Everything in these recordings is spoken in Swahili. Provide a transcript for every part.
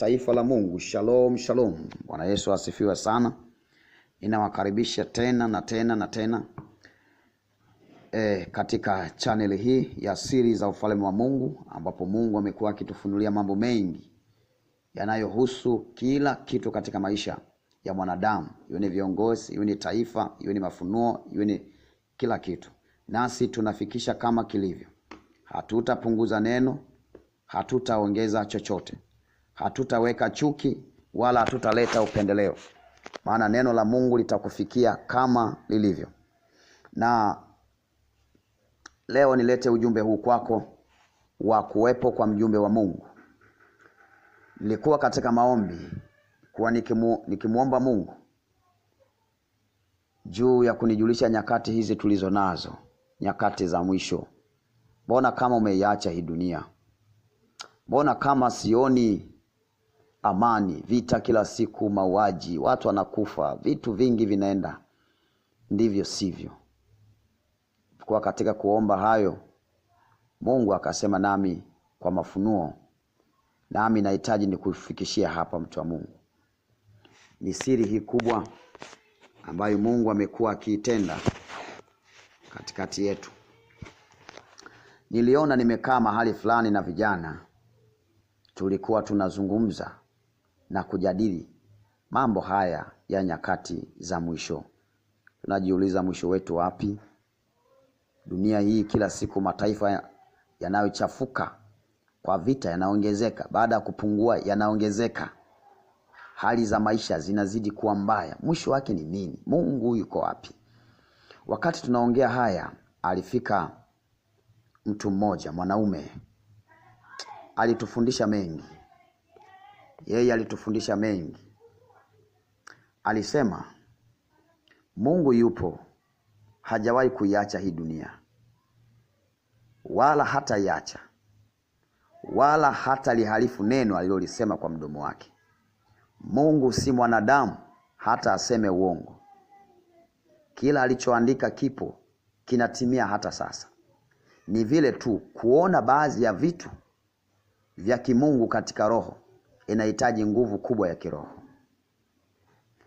taifa la Mungu. Shalom, shalom. Bwana Yesu asifiwe sana. Ninawakaribisha tena na tena na tena e, katika chaneli hii ya siri za ufalme wa Mungu ambapo Mungu amekuwa akitufunulia mambo mengi yanayohusu kila kitu katika maisha ya mwanadamu, iwe ni viongozi, iwe ni taifa, iwe ni mafunuo, iwe ni kila kitu. Nasi tunafikisha kama kilivyo, hatutapunguza neno, hatutaongeza chochote hatutaweka chuki wala hatutaleta upendeleo, maana neno la Mungu litakufikia kama lilivyo. Na leo nilete ujumbe huu kwako wa kuwepo kwa mjumbe wa Mungu. Nilikuwa katika maombi kuwa nikimu, nikimwomba Mungu juu ya kunijulisha nyakati hizi tulizo nazo, nyakati za mwisho. Mbona kama umeiacha hii dunia? Mbona kama sioni amani, vita kila siku, mauaji, watu wanakufa, vitu vingi vinaenda. Ndivyo sivyo? Kwa katika kuomba hayo, Mungu akasema nami kwa mafunuo, nami nahitaji nikufikishia hapa, mtu wa Mungu, ni siri hii kubwa ambayo Mungu amekuwa akiitenda katikati yetu. Niliona nimekaa mahali fulani na vijana tulikuwa tunazungumza na kujadili mambo haya ya nyakati za mwisho. Tunajiuliza, mwisho wetu wapi? Dunia hii kila siku mataifa yanayochafuka kwa vita yanaongezeka, baada ya kupungua yanaongezeka, hali za maisha zinazidi kuwa mbaya. Mwisho wake ni nini? Mungu yuko wapi? Wakati tunaongea haya, alifika mtu mmoja mwanaume, alitufundisha mengi. Yeye alitufundisha mengi. Alisema Mungu yupo, hajawahi kuiacha hii dunia, wala hataiacha, wala hata lihalifu neno alilolisema kwa mdomo wake. Mungu si mwanadamu hata aseme uongo. Kila alichoandika kipo, kinatimia hata sasa. Ni vile tu kuona baadhi ya vitu vya kimungu katika roho inahitaji nguvu kubwa ya kiroho,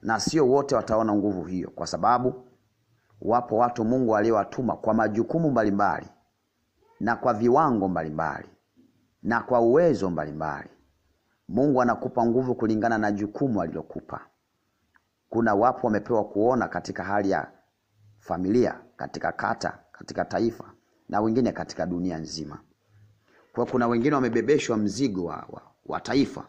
na sio wote wataona nguvu hiyo, kwa sababu wapo watu Mungu aliyowatuma kwa majukumu mbalimbali na kwa viwango mbalimbali na kwa uwezo mbalimbali. Mungu anakupa nguvu kulingana na jukumu alilokupa. Kuna wapo wamepewa kuona katika hali ya familia, katika kata, katika taifa na wengine katika dunia nzima. Kwa kuna wengine wamebebeshwa mzigo wa, wa, wa taifa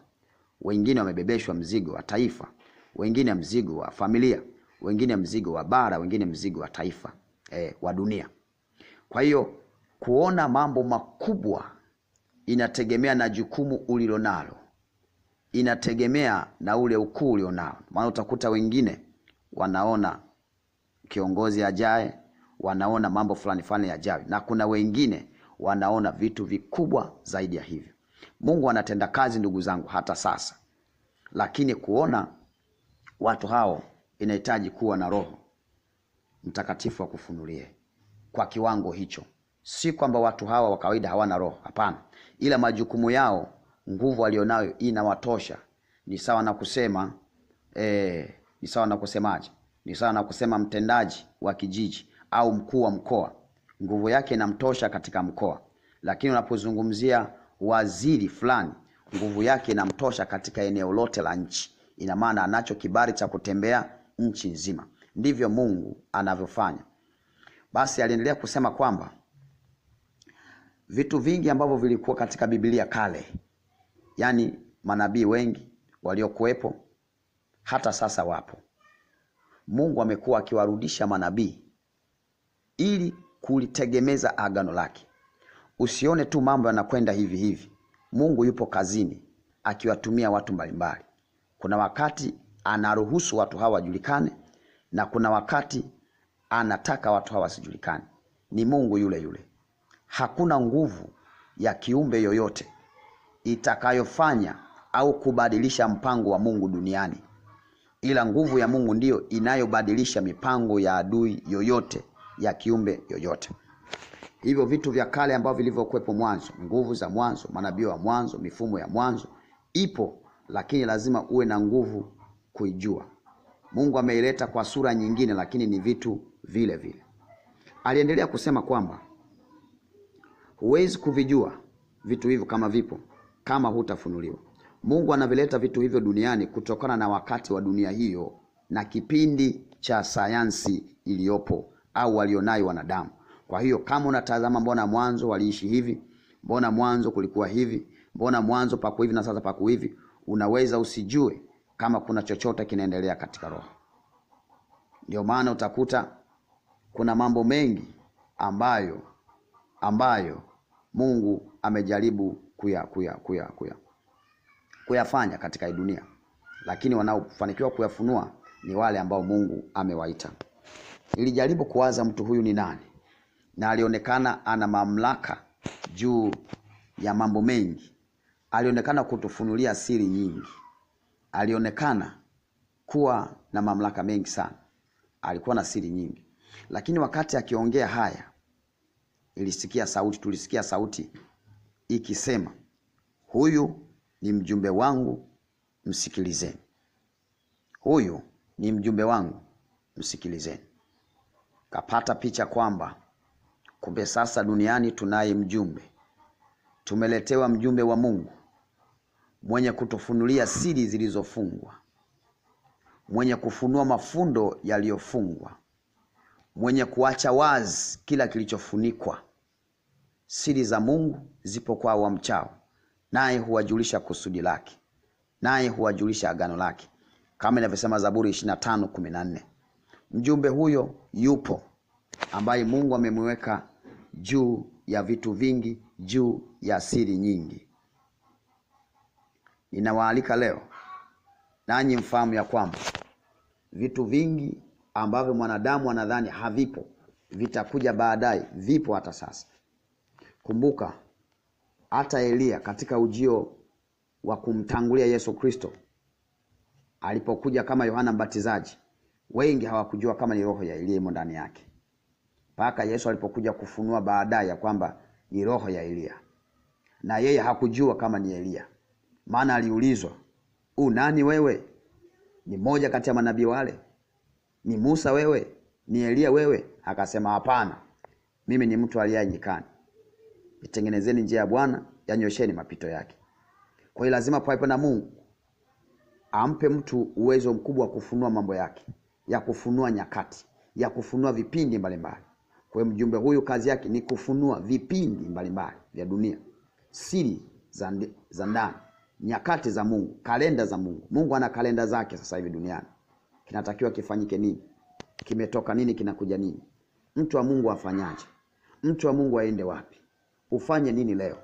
wengine wamebebeshwa mzigo wa taifa, wengine mzigo wa familia, wengine mzigo wa bara, wengine mzigo wa taifa e, wa dunia. Kwa hiyo kuona mambo makubwa inategemea na jukumu ulilonalo, inategemea na ule ukuu ulionao. Maana utakuta wengine wanaona kiongozi ajae, wanaona mambo fulani fulani yajayo, na kuna wengine wanaona vitu vikubwa zaidi ya hivyo. Mungu anatenda kazi, ndugu zangu, hata sasa, lakini kuona watu hao inahitaji kuwa na Roho Mtakatifu akufunulie kwa kiwango hicho. Si kwamba watu hawa wa kawaida hawana roho, hapana, ila majukumu yao, nguvu alionayo inawatosha. Ni sawa na kusema eh, ni sawa na kusemaje? Ni sawa na kusema mtendaji wa kijiji au mkuu wa mkoa, nguvu yake inamtosha katika mkoa, lakini unapozungumzia waziri fulani nguvu yake inamtosha katika eneo lote la nchi. Ina maana anacho kibali cha kutembea nchi nzima. Ndivyo Mungu anavyofanya. Basi aliendelea kusema kwamba vitu vingi ambavyo vilikuwa katika Biblia kale, yaani manabii wengi waliokuwepo hata sasa wapo. Mungu amekuwa akiwarudisha manabii ili kulitegemeza agano lake. Usione tu mambo yanakwenda hivi hivi. Mungu yupo kazini akiwatumia watu mbalimbali. Kuna wakati anaruhusu watu hawa wajulikane, na kuna wakati anataka watu hawa wasijulikane. Ni Mungu yule yule. Hakuna nguvu ya kiumbe yoyote itakayofanya au kubadilisha mpango wa Mungu duniani, ila nguvu ya Mungu ndiyo inayobadilisha mipango ya adui yoyote ya kiumbe yoyote hivyo vitu vya kale ambavyo vilivyokuwepo mwanzo, nguvu za mwanzo, manabii wa mwanzo, mifumo ya mwanzo ipo, lakini lazima uwe na nguvu kuijua. Mungu ameileta kwa sura nyingine, lakini ni vitu vile vile. Aliendelea kusema kwamba huwezi kuvijua vitu hivyo kama vipo kama hutafunuliwa. Mungu anavileta vitu hivyo duniani kutokana na wakati wa dunia hiyo na kipindi cha sayansi iliyopo au walionayo wanadamu. Kwa hiyo kama unatazama, mbona mwanzo waliishi hivi, mbona mwanzo kulikuwa hivi, mbona mwanzo paku hivi na sasa paku hivi, unaweza usijue kama kuna chochote kinaendelea katika roho. Ndio maana utakuta kuna mambo mengi ambayo ambayo Mungu amejaribu kuya, kuya, kuya, kuya kuyafanya katika dunia, lakini wanaofanikiwa kuyafunua ni wale ambao Mungu amewaita. ilijaribu kuwaza mtu huyu ni nani, na alionekana ana mamlaka juu ya mambo mengi. Alionekana kutufunulia siri nyingi, alionekana kuwa na mamlaka mengi sana, alikuwa na siri nyingi. Lakini wakati akiongea haya, ilisikia sauti, tulisikia sauti ikisema, huyu ni mjumbe wangu, msikilizeni. Huyu ni mjumbe wangu, msikilizeni. Kapata picha kwamba Kumbe sasa duniani tunaye mjumbe, tumeletewa mjumbe wa Mungu mwenye kutufunulia siri zilizofungwa, mwenye kufunua mafundo yaliyofungwa, mwenye kuacha wazi kila kilichofunikwa. Siri za Mungu zipo kwa wamchao, naye huwajulisha kusudi lake, naye huwajulisha agano lake, kama inavyosema Zaburi 25:14. Mjumbe huyo yupo ambaye Mungu amemweka juu ya vitu vingi, juu ya siri nyingi. Ninawaalika leo nanyi mfahamu ya kwamba vitu vingi ambavyo mwanadamu anadhani havipo vitakuja baadaye, vipo hata sasa. Kumbuka hata Eliya katika ujio wa kumtangulia Yesu Kristo alipokuja kama Yohana Mbatizaji, wengi hawakujua kama ni roho ya Eliya imo ndani yake mpaka Yesu alipokuja kufunua baadaye ya kwamba ni roho ya Eliya, na yeye hakujua kama ni Eliya, maana aliulizwa, u nani wewe? Ni mmoja kati ya manabii wale? Ni Musa wewe? Ni Eliya wewe? Akasema, hapana, mimi ni mtu aliye nyikani, itengenezeni njia ya Bwana, yanyosheni mapito yake. Kwa hiyo lazima pawepo na Mungu ampe mtu uwezo mkubwa wa kufunua mambo yake, ya kufunua nyakati, ya kufunua vipindi mbalimbali mbali. Kwa hiyo mjumbe huyu kazi yake ni kufunua vipindi mbalimbali vya dunia, siri za ndani, nyakati za Mungu, kalenda za Mungu. Mungu ana kalenda zake sasa hivi duniani. Kinatakiwa kifanyike nini? Kimetoka nini? Kinakuja nini? Mtu wa Mungu afanyaje? Mtu wa Mungu aende wapi? Ufanye nini leo?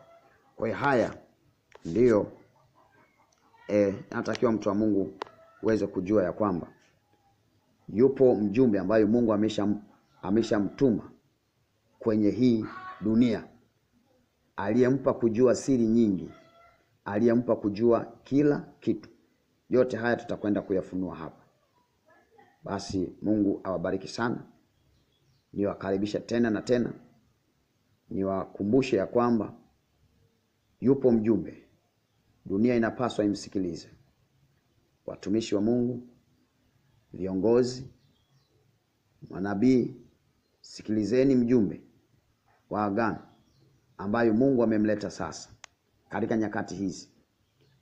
Kwa hiyo haya ndiyo e, natakiwa mtu wa Mungu uweze kujua ya kwamba yupo mjumbe ambayo Mungu ameshamtuma amesha kwenye hii dunia, aliyempa kujua siri nyingi, aliyempa kujua kila kitu. Yote haya tutakwenda kuyafunua hapa. Basi Mungu awabariki sana, niwakaribisha tena na tena, niwakumbushe ya kwamba yupo mjumbe, dunia inapaswa imsikilize. Watumishi wa Mungu, viongozi, manabii, sikilizeni mjumbe wa agano ambayo Mungu amemleta sasa katika nyakati hizi,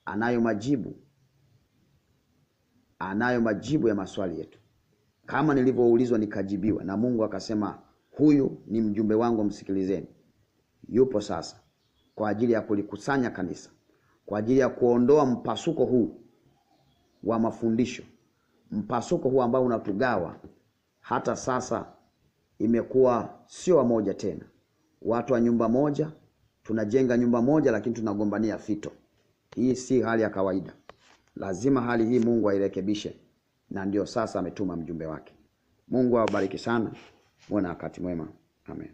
anayo majibu, anayo majibu ya maswali yetu, kama nilivyoulizwa nikajibiwa, na Mungu akasema huyu ni mjumbe wangu, msikilizeni. Yupo sasa kwa ajili ya kulikusanya kanisa, kwa ajili ya kuondoa mpasuko huu wa mafundisho, mpasuko huu ambao unatugawa. Hata sasa imekuwa sio wamoja tena watu wa nyumba moja, tunajenga nyumba moja, lakini tunagombania fito. Hii si hali ya kawaida. Lazima hali hii Mungu airekebishe, na ndio sasa ametuma mjumbe wake. Mungu awabariki sana. Muwe na wakati mwema. Amen.